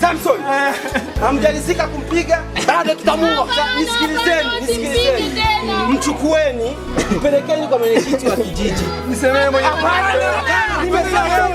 Samson hamjalizika kumpiga bado tutamua. Nisikilizeni, nisikilizeni, mchukueni mpelekeni kwa mwenyekiti wa kijiji. Nisemee mwenye nimesema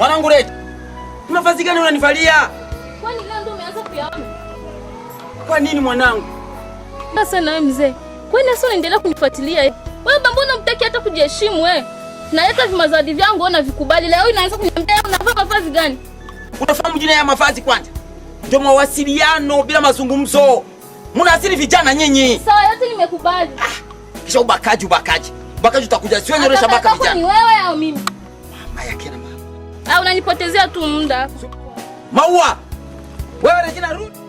Mwanangu leta. Ni mavazi gani unanivalia? Kwani leo ndio umeanza kuyaona? Kwa nini mwanangu? Sasa na wewe mzee. Kwani sasa unaendelea kunifuatilia hivi? Wewe mbona mtaki hata kujiheshimu wewe? Naleta vimazadi vyangu ona vikubali. Leo inaanza kuniambia unavaa mavazi gani? Unafahamu jina ya mavazi kwanza? Ndio mawasiliano bila mazungumzo. Muna asili vijana nyinyi. Sawa yote nimekubali. Ah, kisha ubakaji ubakaji. Ubakaji utakuja sio nyoresha baka vijana. Ni wewe au mimi? Mama yake na Unanipotezea tu muda. Maua, wewe Regina rudi.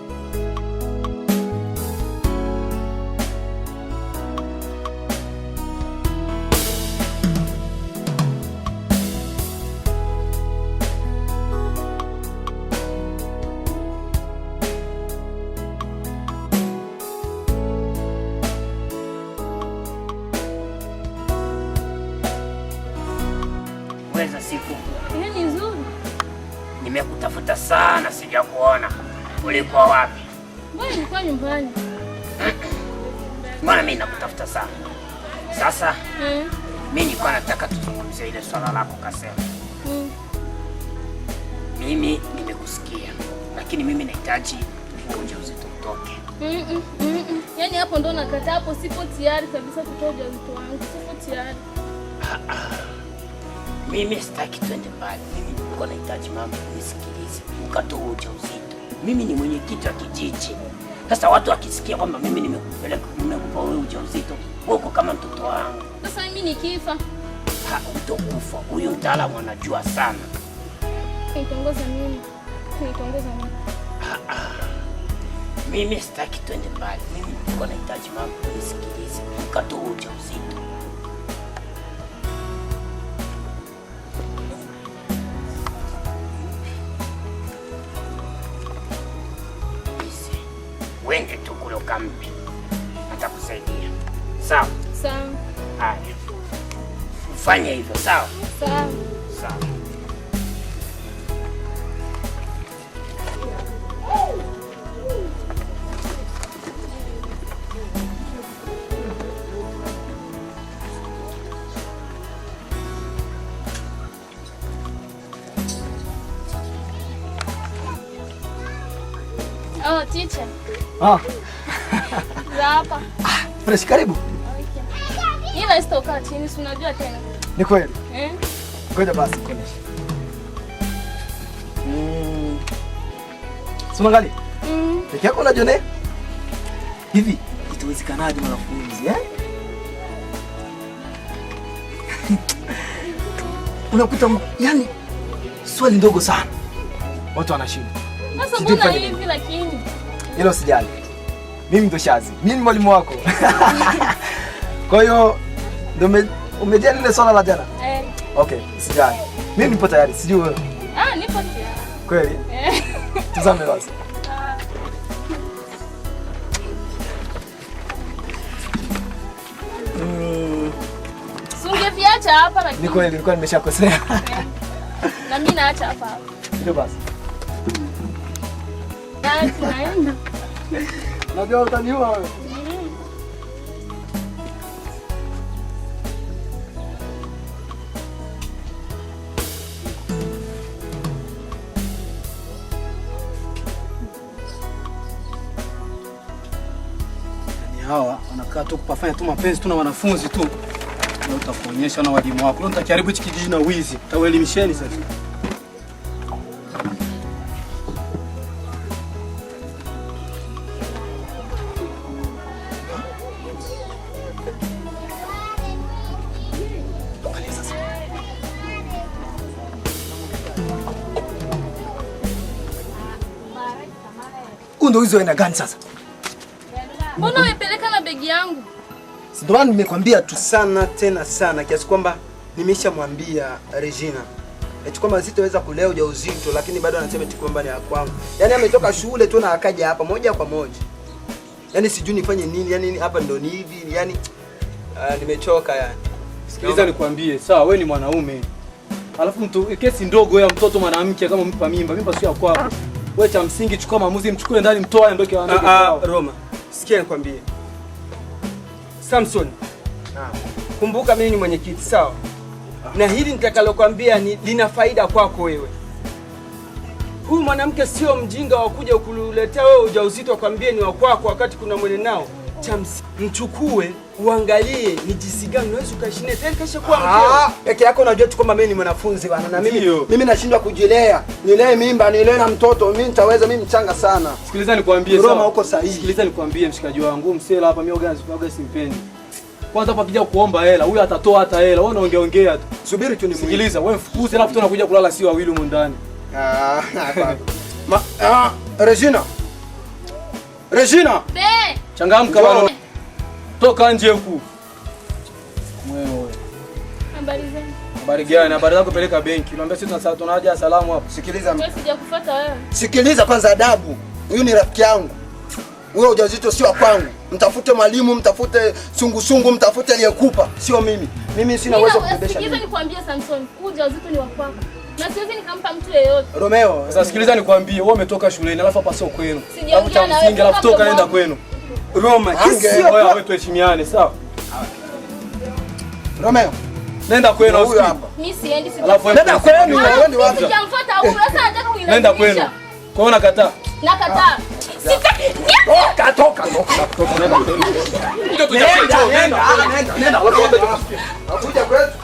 kupendeza siku. Yaani ni nzuri. Nimekutafuta sana sijakuona. Ulikuwa wapi? Mbona nilikuwa nyumbani. Mbona mimi nakutafuta sana. Sasa mm. Mimi nilikuwa nataka tuzungumzie ile swala lako kasema. Hmm. Mimi nimekusikia lakini mimi nahitaji ujauzito utoke. Mm -mm, mm -mm. Yaani hapo ndo nakataa, hapo sipo tayari kabisa kutoa ujauzito wangu, sipo tayari. Ah, ah. Mimi sitaki twende mbali, mimi niko nahitaji mama nisikilize, mkato huo uzito, Mimi ni mwenyekiti wa kijiji. Sasa watu wakisikia kwamba mimi nimekupeleka nimekupa wewe ujauzito, uko kama mtoto wangu. Sasa mimi nikifa, utokufa. Huyu mtaalamu anajua sana. Nitongoza mimi, nitongoza mimi. Ha, ha. Mimi sitaki twende mbali, mimi niko nahitaji mama nisikilize, mkato huo uzito fanya hivyo sawa sawa. Oh, ah. ah, fresh karibu. Okay. Ila sitokaa chini, si unajua tena. Ni kweli? Eh. Ngoja basi konesha. Mm. ngali? Mm. Peke yako unajione? Hivi itawezekanaje mwanafunzi eh? Unakuta yani swali ndogo sana watu wanashinda. Sasa mbona hivi lakini? Hilo sijali. Mimi ndo Shazi. Mimi ni mwalimu wako. Kwa hiyo ndio umejia ile swala la jana? Eh. Okay, sijali. Mimi nipo tayari, sijui wewe. Ah, nipo tayari. Kweli? Eh. Tuzame basi. Ungeviacha hapa lakini. Ni kweli nilikuwa nimeshakosea. Na mimi naacha hapa. Ndio basi. Tunaenda. Najua utaniua wewe. Nataka tu kupafanya tu mapenzi tu na wanafunzi tu. Na utakuonyesha na walimu wako. Leo nitakiharibu hiki kijiji na wizi. Tawaelimisheni sasa. Ndo hizo aina gani sasa? Mbona wewe shemeji yangu. Ndio maana nimekwambia tu sana tena sana kiasi kwamba nimeshamwambia Regina eti kwamba sitaweza kulea ujauzito, lakini bado anasema eti kwamba ni ya kwangu. Yaani ametoka shule tu na akaja hapa moja kwa moja. Yaani sijui nifanye nini, yaani hapa ndo ni hivi, yaani ah, nimechoka yani. Sikiliza nikwambie, sawa wewe ni mwanaume. Alafu mtu kesi ndogo ya mtoto mwanamke kama mpa mimba, mimba sio ya kwako. Wewe cha msingi chukua maamuzi, mchukue ndani, mtoa ndio ah, ah, kwa Roma. Sikia nikwambie. Samson, kumbuka mimi ni mwenyekiti, sawa? Na hili nitakalokwambia ni lina faida kwako wewe. Huyu mwanamke sio mjinga wa kuja kukuletea wewe ujauzito akwambie ni wa kwako, wakati kuna mwenye nao Chamsi, mchukue uangalie ni jinsi gani unaweza ukashine tena kesha kuwa mkeo. Peke yako unajua tu kwamba mimi ni mwanafunzi bwana na mimi Ndiyo. mimi nashindwa kujilea. Nilee mimba, nilee na mtoto, mimi nitaweza mimi mchanga sana. Sikiliza nikwambie sawa. Roma huko sahihi. Sikiliza nikwambie mshikaji wangu, msela hapa mimi ogani oga simpendi. Kwanza hapa kija kuomba hela, huyu atatoa hata hela. Wewe unaongea ongea tu. Subiri tu ni Sikiliza, wewe mfukuze alafu tunakuja kulala si wawili huko ndani. Ah, hapana. Ma, ah, Regina. Regina. Be. Changamka bwana. Toka nje huku. Wewe. Habari zenu? Habari gani? Habari zako peleka benki. Unaambia sisi tunaja salamu hapo. Sikiliza. Mimi sijakufuata wewe. Sikiliza kwanza adabu. Huyu ni rafiki yangu. Wewe ujauzito sio wa kwangu. Mtafute mwalimu, mtafute sungusungu, mtafute aliyekupa, sio mimi. Mimi sina uwezo wa kubebesha. Sikiliza nikwambie Samson, ujauzito ni wa kwako. Na siwezi nikampa mtu yeyote. Romeo, sasa sikiliza nikwambie, wewe umetoka shuleni, alafu hapa sio kwenu. Alafu cha msingi, alafu toka nenda kwenu. Roma, eh, wewe tuheshimiane, sawa? Romeo, nenda kwenu. Ah, mimi siendi, nenda kwenu. Nenda kwenu. Kwa nini nakataa? Nakataa. Ah. Toka, toka, toka. Nenda, nenda. Nakuja kwetu.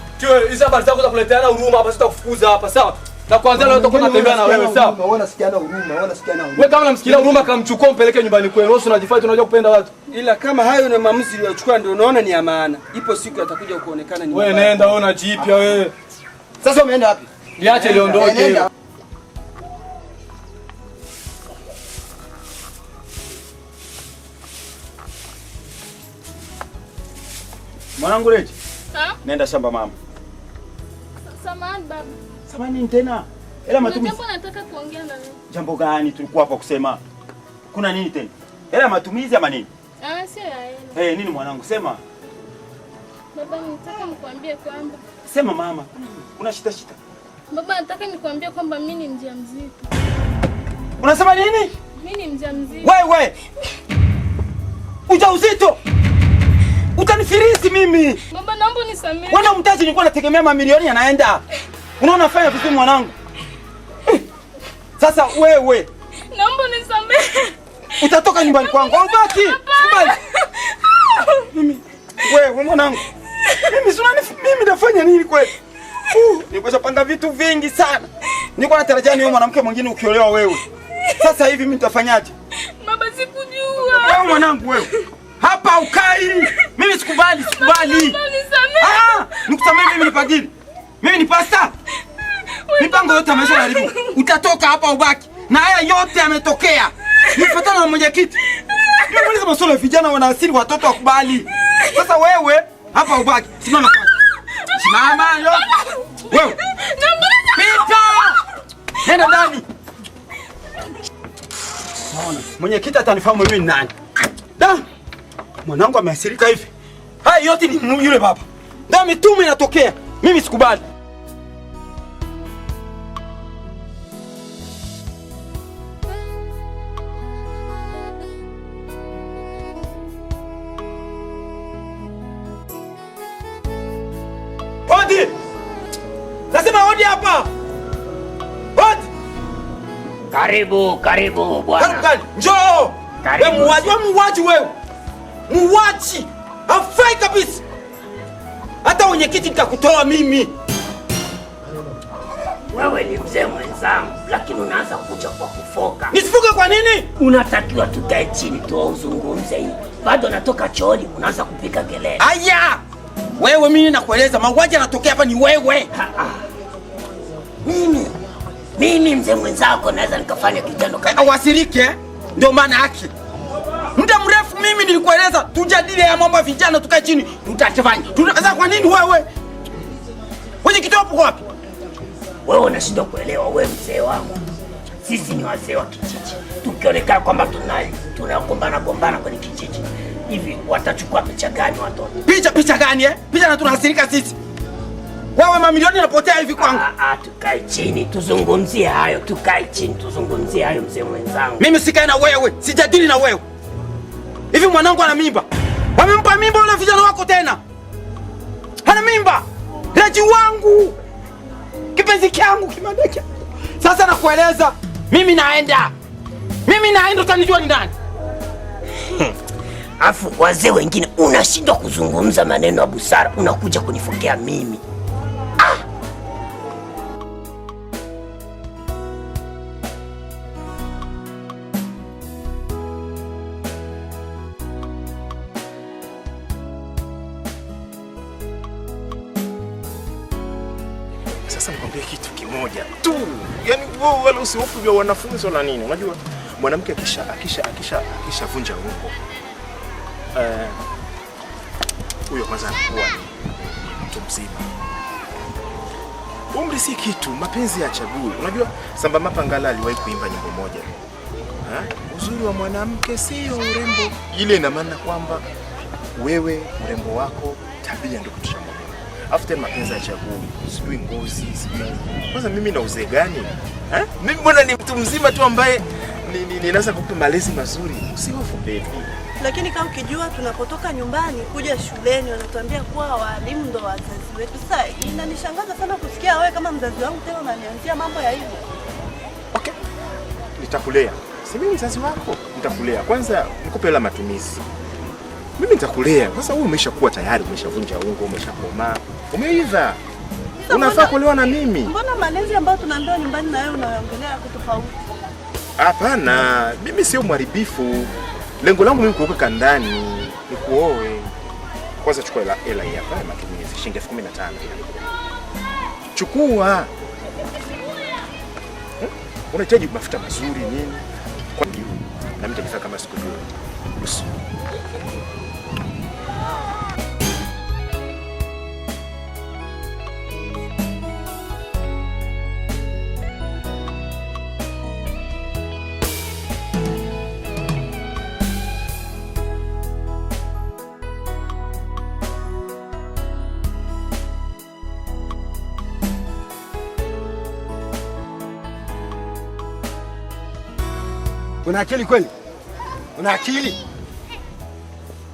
Hizo habari zako za kuleteana huruma hapa, sitakufukuza hapa, sawa? Na kwanza leo tutakuwa yaani tunatembea na wewe sawa? Wewe unasikiana huruma, wewe unasikiana huruma. Wewe kama unamsikia huruma kamchukua mpeleke nyumbani kwenu. Wewe unajifanya unajua kupenda watu. Ila kama hayo na maamuzi uliyochukua ndio unaona ni ya maana. Ipo siku atakuja kuonekana ni wewe. Nenda wewe una jipya ah. wewe. Sasa umeenda wapi? Niache liondoke. Mwanangu Leji. Nenda shamba mama. Samahani baba. Samani tena. Hela matumizi. Jambo nataka kuongea na wewe. Jambo gani tulikuwa hapa kusema? Kuna nini tena? Hela matumizi ama nini? Ah, sio ya hela. Eh, hey, nini mwanangu sema? Baba nataka nikwambie kwamba. Sema mama. Kuna shida shida. Baba nataka nikwambie kwamba mimi ni mjamzito. Unasema nini? Mimi ni mjamzito. Wewe. wewe. Ujauzito. Utanifirisi mimi. Baba naomba unisamehe. Wana mtaji nilikuwa nategemea mamilioni yanaenda. Unaona fanya vipi mwanangu? Sasa wewe, naomba unisamehe. Utatoka nyumbani kwangu au baki? Mbali. Mimi wewe mwanangu. Mimi sio nani mimi nafanya nini kweli? Uh, nilikuwa panga vitu vingi sana. Nilikuwa natarajia ni wewe mwanamke mwingine ukiolewa wewe. Sasa hivi mimi nitafanyaje? Baba sikujua. Wewe mwanangu wewe. Hapa ukai. Mimi sikubali, sikubali. Ah, nikusamehe mimi nipagini. Mimi ni pasta. Mipango yote ameshaharibu. Utatoka hapa ubaki. Na haya yote yametokea. Nifuatana na mwenyekiti. Ndio mbona kama solo vijana asili watoto wakubali. Sasa wewe hapa ubaki. Simama kwanza. Simama leo. Wewe. Pita. Nenda ndani. Mwana, mwenyekiti atanifahamu mimi ni nani. Da. Mwanangu ameasirika hivi. Haya yote ni yule baba. Da mitume inatokea. Mimi sikubali. Karibu, karibu bwana. Njoo. Wewe muwaji wewe wewe. Muuaji. Afai kabisa. Hata wenye kiti nitakutoa mimi. Wewe ni mzee mwenzangu, lakini unaanza kuja kwa kufoka. Nisifuke kwa nini? Unatakiwa tukae chini tu uzungumze hivi. Bado natoka chooni, unaanza kupika kelele. Aya! Wewe mimi nakueleza mauaji yanatokea hapa ni wewe. Ha -ha. Mimi mzee mwenzako naweza nikafanya kitendo kama wasirike, eh, ndio maana yake. Muda mrefu mimi nilikueleza tujadili ya mambo ya vijana, tukae chini tutachofanya tunaanza. kwa nini wewe? Wewe kitopo wapi? Wewe unashindwa kuelewa wewe mzee wangu. Sisi ni wazee wa kijiji. Tukionekana kwamba tunai tunagombana gombana kwenye kijiji. Hivi watachukua picha gani watoto? Picha picha gani eh? Picha na tunahasirika sisi. Wewe mamilioni napotea hivi kwangu. Ah, ah, tukae chini tuzungumzie hayo, tukae chini tuzungumzie hayo mzee mwenzangu. Mimi sikae na wewe, sijadili na wewe. Hivi mwanangu ana mimba, wamempa mimba yule vijana wako tena, ana mimba. Raji wangu, kipenzi changu, kimadeka. Sasa nakueleza mimi naenda, mimi naenda, utanijua ni nani. Hmm. Afu wazee wengine unashindwa kuzungumza maneno ya busara, unakuja kunifokea mimi. vifusi upi vya wanafunzi wala nini. Unajua mwanamke akisha akisha akisha vunja ungo eh, huyo kwanza anakuwa mtu mzima. Umri si kitu, mapenzi ya chaguo. Unajua Samba Mapangala aliwahi kuimba nyimbo moja ha? Uzuri wa mwanamke sio urembo. Ile ina maana kwamba wewe urembo wako, tabia ndio kitu cha afu tena mapenzi ya chaguu, sijui ngozi, sijui kwanza mimi na uzee gani eh? Mimi mbona ni mtu mzima tu ambaye ninaweza ni, kukupa malezi mazuri, usihofu baby. Lakini kama ukijua tunapotoka nyumbani kuja shuleni wanatuambia kuwa walimu ndo wazazi wetu. Sasa inanishangaza sana kusikia wewe kama mzazi wangu tena unanianzia mambo ya hivyo. Okay, nitakulea si mimi mzazi wako, nitakulea kwanza, nikupe hela matumizi. Mimi nitakulea kwanza. Wewe umeshakuwa tayari, umeshavunja ungo, umeshakomaa Umeiva. Unafaa kuolewa na mimi. Mbona malezi ambayo tunaambiwa nyumbani na wewe unaongelea yako tofauti? Hapana, mimi sio mharibifu. Lengo langu mimi kuokoka ndani ni kuoe. Kwanza chukua hela hela hii hapa matumizi shilingi 15,000. Chukua. Hmm? Unahitaji mafuta mazuri nini? Kwa hiyo na mimi nitakifaa kama siku hiyo. Una akili kweli? Una akili?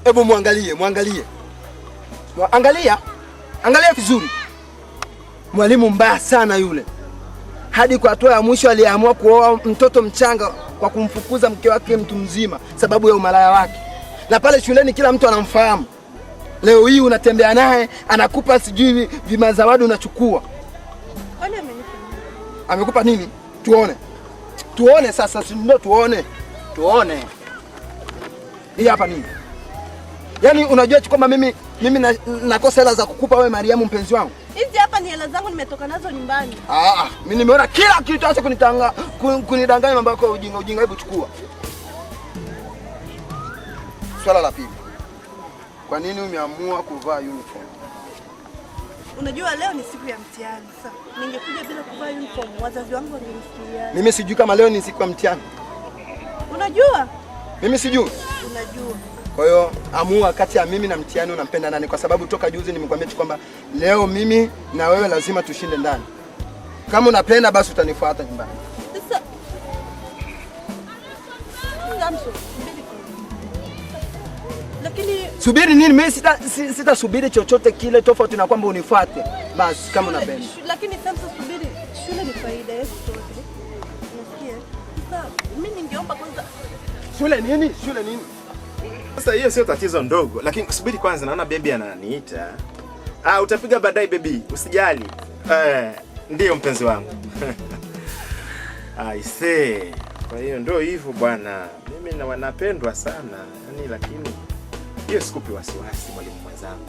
Hebu mwangalie, mwangalie, angalia, angalia vizuri. Mwalimu mbaya sana yule, hadi kwa hatua ya mwisho aliamua kuoa mtoto mchanga kwa kumfukuza mke wake mtu mzima, sababu ya umalaya wake. Na pale shuleni kila mtu anamfahamu. Leo hii unatembea naye anakupa sijui vimazawadi, unachukua. Amekupa nini? Tuone. Tuone sasa, si ndio? Tuone, tuone hii hapa nini? Yaani unajua kwamba mimi mimi nakosa hela za kukupa wewe Mariamu mpenzi wangu. Hizi hapa ni hela zangu nimetoka nazo nyumbani. Ah, ah. mimi nimeona kila kitu, acha kunitanga kunidanganya mambo yako ujinga ujinga, hebu chukua. Swala la pili. Kwa nini umeamua kuvaa uniform? Unajua leo ni siku ya mtihani. Sasa ningekuja bila kuvaa uniform, wazazi wangu wangenifikiria. Mimi sijui kama leo ni siku ya mtihani. Unajua? Mimi sijui. Unajua. Kwa hiyo amua kati ya mimi na mtihani, unampenda nani? Kwa sababu toka juzi nimekwambia tu kwamba leo mimi na wewe lazima tushinde ndani. Kama unapenda basi utanifuata nyumbani. Lakini subiri nini? Mimi sita sita subiri chochote kile, tofauti na kwamba unifuate basi kama unapenda. Lakini sasa subiri, shule ni faida yetu sote, unasikia? Sasa mimi ningeomba kwanza shule nini, shule nini? Sasa hiyo sio tatizo ndogo, lakini subiri kwanza, naona bebi ananiita. Ah, utapiga baadaye bebi, usijali. Eh, ndiyo mpenzi wangu. I say. Kwa hiyo ndio hivyo bwana, mimi na wanapendwa sana yaani, lakini hiyo sikupi wasiwasi mwalimu mwenzangu,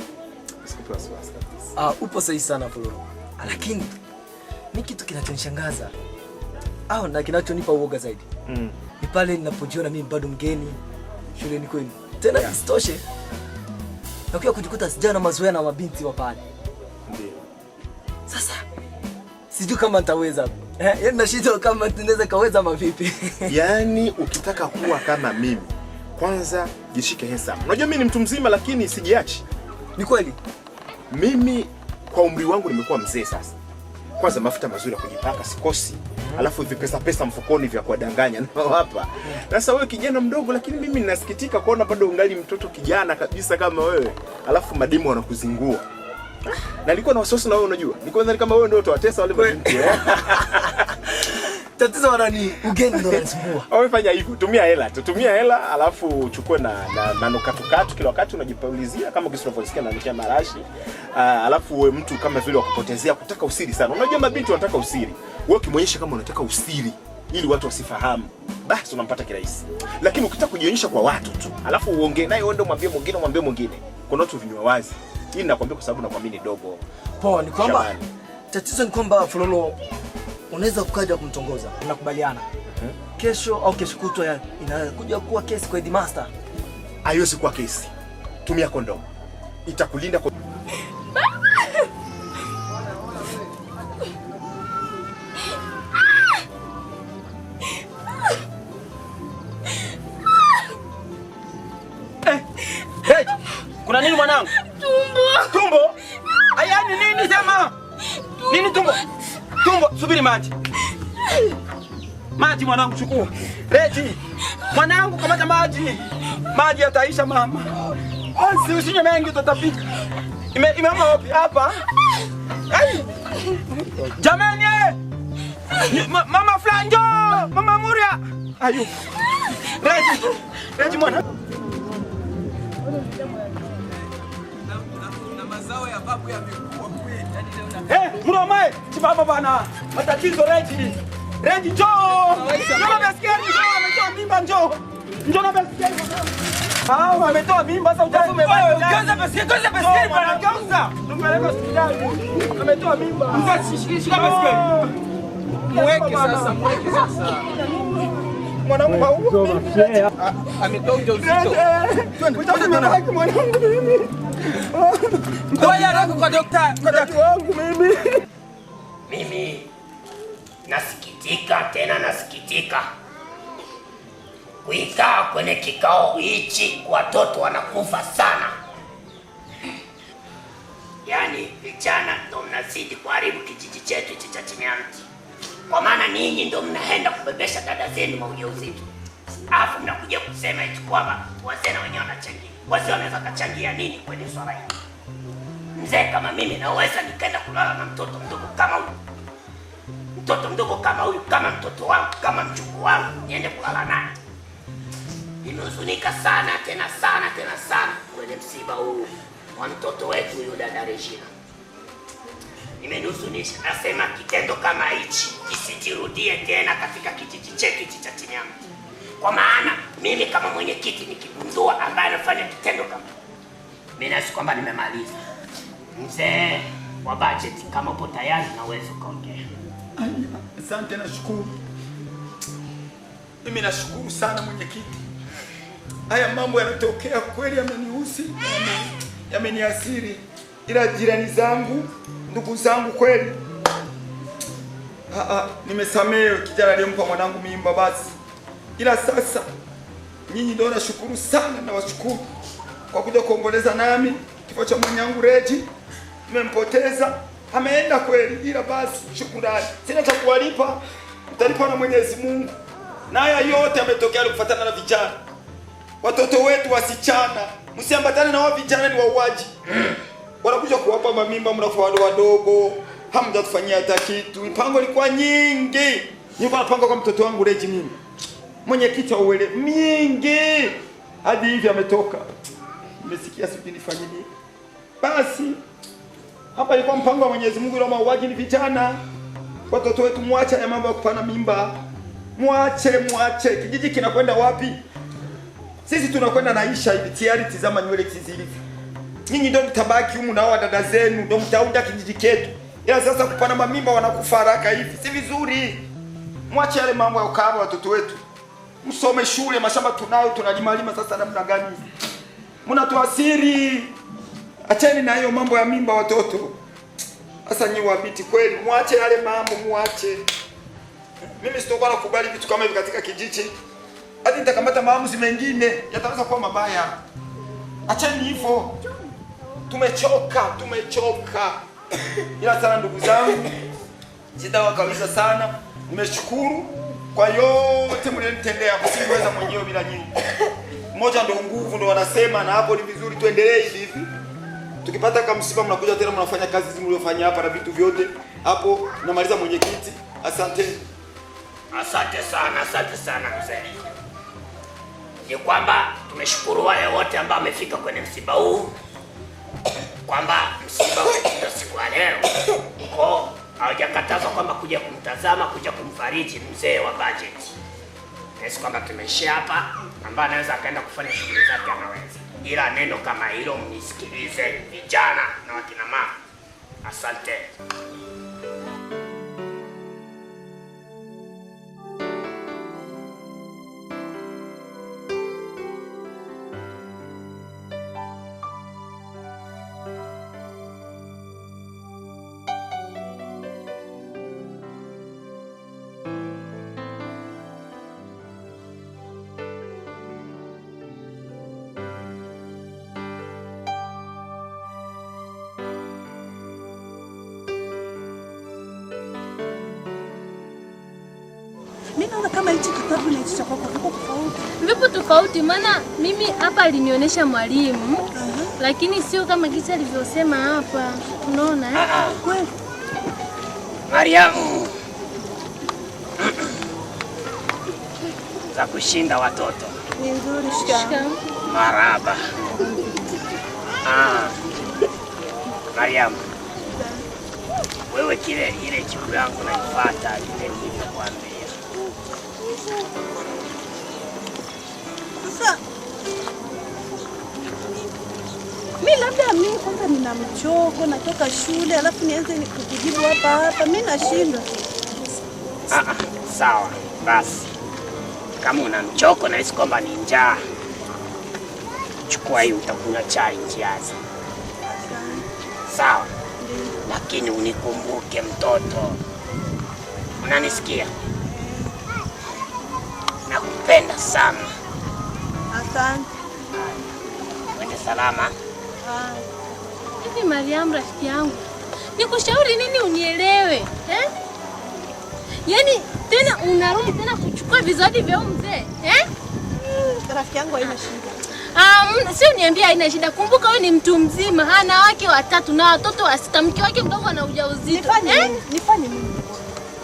sikupi wasiwasi kabisa. Ah, upo sahihi sana Floro, ah, lakini ni kitu kinachonishangaza au ah, na kinachonipa uoga zaidi mm. ni pale ninapojiona mimi bado mgeni shuleni kwenu tena yeah. Isitoshe nakuja kujikuta sijana na mazoea na mabinti wa pale. Ndio sasa sijui kama nitaweza eh, yaani nashindwa kama tunaweza kaweza mavipi? Yaani ukitaka kuwa kama mimi kwanza jishike hesa. Unajua mimi ni mtu mzima lakini sijiachi. Ni kweli. Mimi kwa umri wangu nimekuwa mzee sasa. Kwanza mafuta mazuri ya kujipaka sikosi. Alafu hivi pesa pesa mfukoni vya kuwadanganya na hapa. Sasa wewe kijana mdogo lakini mimi ninasikitika kuona bado ungali mtoto kijana kabisa kama wewe. Alafu mademu wanakuzingua. Ah, na nilikuwa na wasiwasi na wewe unajua. Nilikuwa nadhani kama wewe ndio utawatesa wale mabinti. Tatizo wana ni ugeni ndo unanisumbua. Wamefanya fanya hivyo, tumia hela, tumia hela alafu uchukue na na na manukatukatu kila wakati unajipaulizia kama kisi unavyosikia na nikia marashi. Uh, alafu uwe mtu kama vile wakupotezea kutaka usiri sana. Unajua mabinti wanataka usiri. Wewe ukimwonyesha kama unataka usiri ili watu wasifahamu, basi unampata kirahisi. Lakini ukitaka kujionyesha kwa watu tu, alafu uongee naye wewe ndio mwambie mwingine, mwambie mwingine. Kuna watu vinywa wazi. Hii nakwambia kwa sababu nakwamini dogo. Poa ni kwamba tatizo ni kwamba Fulolo unaweza kukaja kumtongoza, unakubaliana Kesho au kesho kutwa inakuja kuwa kesi kwa headmaster. Haiwezi kuwa kesi, tumia kondomu itakulinda kwa... Kuna nini mwanangu? Tumbo. Tumbo? Aya, ni nini sema? Nini tumbo? Tumbo, subiri maji. Maji mwanangu, chukua. Leti. Mwanangu, kamata maji. Maji yataisha mama. Asi usinye mengi utatapika. Ime ime imeoma wapi hapa? Ai. Jamani! mama Flanjo, mama Muria. Ayu. Leti. Leti mwanangu. Na mazao ya babu yamekuwa. Eh, mromae chimama bana. Matatizo Reji. Reji njoo. Njoo na baiskeli njoo, ametoa mimba njoo. Njoo na baiskeli. Ah, ametoa mimba sasa utaanza umebaki. Kaza baiskeli, kaza baiskeli bana kaza. Tumpeleka hospitali. Ametoa mimba. Mzazi shika baiskeli. Mweke sasa, mweke sasa. Mwanangu hau. Ametoa ujauzito. Mwanangu mimi. Ngoja roho kwa daktari, kwa daktari wangu mimi. Mimi nasikitika tena nasikitika kuikaa kwenye kikao hichi, watoto wanakufa sana. Yaani vijana ndo mnazidi kuharibu kijiji chetu hichi cha kwa maana ninyi ndo mnaenda kubebesha dada zenu maujawazito, alafu mnakuja kusema eti kwamba wazee na wenyewe wanachangia wazee wanaweza kachangia nini kwenye swala hili? Mzee kama mimi naweza nikaenda kulala na mtoto mdogo kama huyu, mtoto mdogo kama huyu, kama mtoto wangu, kama mjukuu wangu, niende kulala naye? Nimehuzunika sana tena sana tena sana kwenye msiba huu wa mtoto wetu huyu dada Regina, nimehuzunisha. Nasema kitendo kama hichi kisijirudie tena katika kijiji chetu cha Chinyama. Kwa maana mimi kama mwenyekiti nikigundua ambaye anafanya kitendo kama mimi, nasi kwamba nimemaliza. Mzee wa budget, kama upo tayari naweza ukaongea. Asante, nashukuru. Mimi nashukuru sana mwenyekiti, haya mambo yanatokea kweli, yamenihusi, yameniasiri, ila jirani zangu, ndugu zangu, kweli ah, ah, nimesamehe kijana aliyempa mwanangu mimba basi ila sasa nyinyi ndio nashukuru sana na washukuru kwa kuja kuomboleza nami kifo cha mwanangu Reji. Nimempoteza, ameenda kweli, ila basi shukurani, sina cha kuwalipa, utalipa na Mwenyezi Mungu. Na yote ametokea alikufuatana na vijana, watoto wetu wasichana. Msiambatane na wao, vijana ni wauaji, wanakuja kuwapa mamimba, mnafa wadogo wadogo, hamjakufanyia hata kitu. Mipango ilikuwa nyingi, nilikuwa napanga kwa mtoto wangu Reji mimi mwenyekiti wa uwele mingi hadi hivi ametoka, nimesikia sijui nifanye nini. Basi hapa ilikuwa mpango wa Mwenyezi Mungu, ila mauaji ni vijana, watoto wetu, mwache ya mambo ya kupana mimba, mwache, mwache. Kijiji kinakwenda wapi? Sisi tunakwenda naisha hivi tayari. Tizama nywele hizi, nyinyi ndio mtabaki humu, nao dada zenu ndio mtaunda kijiji chetu, ila sasa kupana mamimba wanakufa haraka hivi, si vizuri. Mwache yale mambo ya ukahaba watoto wetu msome shule, mashamba tunayo, tunalimalima sasa namna gani? Mnatuasiri, acheni na hiyo mambo ya mimba watoto. Sasa nyi wabiti kweli, muache yale mambo, muache. Mimi sitakuwa nakubali vitu kama hivi katika kijiji, hadi nitakamata maamuzi mengine yataweza kuwa mabaya. Acheni hivyo, tumechoka, tumechoka. Ila sana ndugu zangu, kabisa sana, nimeshukuru kwa yote mlionitendea, kusiweza mwenyewe bila nyinyi. mmoja ndio nguvu, ndio wanasema, na hapo ni vizuri tuendelee hivi hivi. Tukipata kamsiba, mnakuja tena mnafanya kazi hizi mliofanya hapa na vitu vyote hapo. Namaliza mwenyekiti, asante. Asante sana, asante sana mzee. Ni kwamba tumeshukuru wale wote ambao wamefika kwenye msiba huu, kwamba msiba wetu siku ya leo kwa hawajakatazwa kwamba kuja kumtazama, kuja kumfariji mzee wa budget. Nahisi kwamba tumeishia hapa, ambaye anaweza akaenda kufanya shughuli zake anaweza, ila neno kama hilo mnisikilize, vijana na wakina mama. Asante. mimi naona kama hichi kitabu na hichi cha kwako kiko tofauti. Vipo tofauti, maana mimi hapa alinionyesha mwalimu uh -huh. Lakini sio kama kiti alivyosema hapa, unaona eh? Ah, kweli ah, Mariamu za kushinda watoto ni nzuri. Shika maraba. Ah, Mariamu wewe, kile ile chiku yangu naifuata kile labda kwanza nina mchoko, natoka shule, alafu nianze nikujibu hapa hapa, nashindwa. Ah, ah, sawa basi, kama una mchoko na hisi kwamba ni njaa, chukua hii, utakunywa chai njiazi. Sawa, lakini unikumbuke mtoto, unanisikia? Nakupenda sana. Asante. Wende salama. Hivi Mariam, rafiki yangu, nikushauri nini unielewe eh? Yaani tena unarudi tena kuchukua vizadi vya mzee eh? Mm, rafiki yangu haina shida. Um, ah, ah, sio niambia haina shida. Kumbuka wewe ni mtu mzima, hana wake watatu na watoto wa sita, mke wake mdogo ana ujauzito. Nifanye nini? Nifanye nini?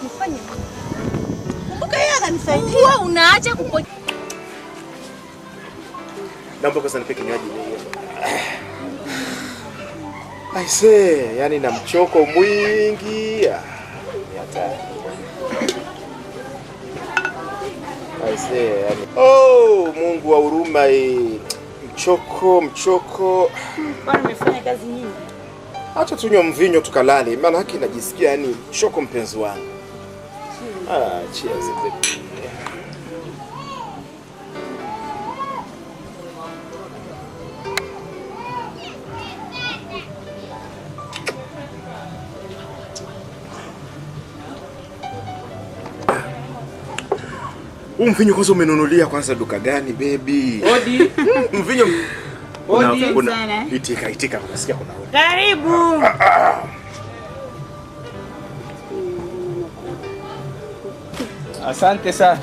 Nifanye nini? Kumbuka yeye ananisaidia. Wewe unaacha kupokea. Naomba kwanza nipe kinywaji. Aise, yani na mchoko mwingi ah, ni hatari. Aise, yani. Oh, Mungu wa huruma hii. Eh, mchoko, mchoko. Kwani umefanya kazi nyingi? Acha tunywe mvinyo tukalale, maana haki najisikia yani mchoko mpenzi wangu. Ah, cheers baby. Huu mvinyo kwanza umenunulia kwanza duka gani baby? Odi. Mvinyo. Odi itika itika unasikia kuna odi. Karibu. Ah, ah, Asante sana.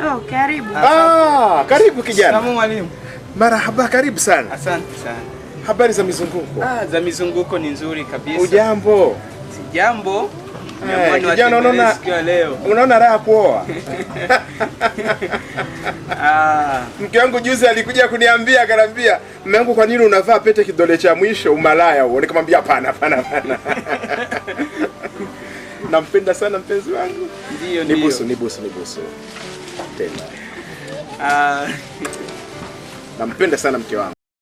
Oh, karibu. Ah, karibu kijana. Salamu mwalimu. Marahaba, karibu sana. Asante sana. Habari za mizunguko? Ah, za mizunguko ni nzuri kabisa. Ujambo? Sijambo. Kijana, unaona unaona raha kuoa. Ah. Mke wangu juzi alikuja kuniambia akanambia mme wangu, kwa nini unavaa pete kidole cha mwisho, umalaya huo? Nikamwambia hapana, hapana, hapana. Nampenda sana mpenzi wangu. Ndio, Tena. Ah. Nampenda sana mke wangu.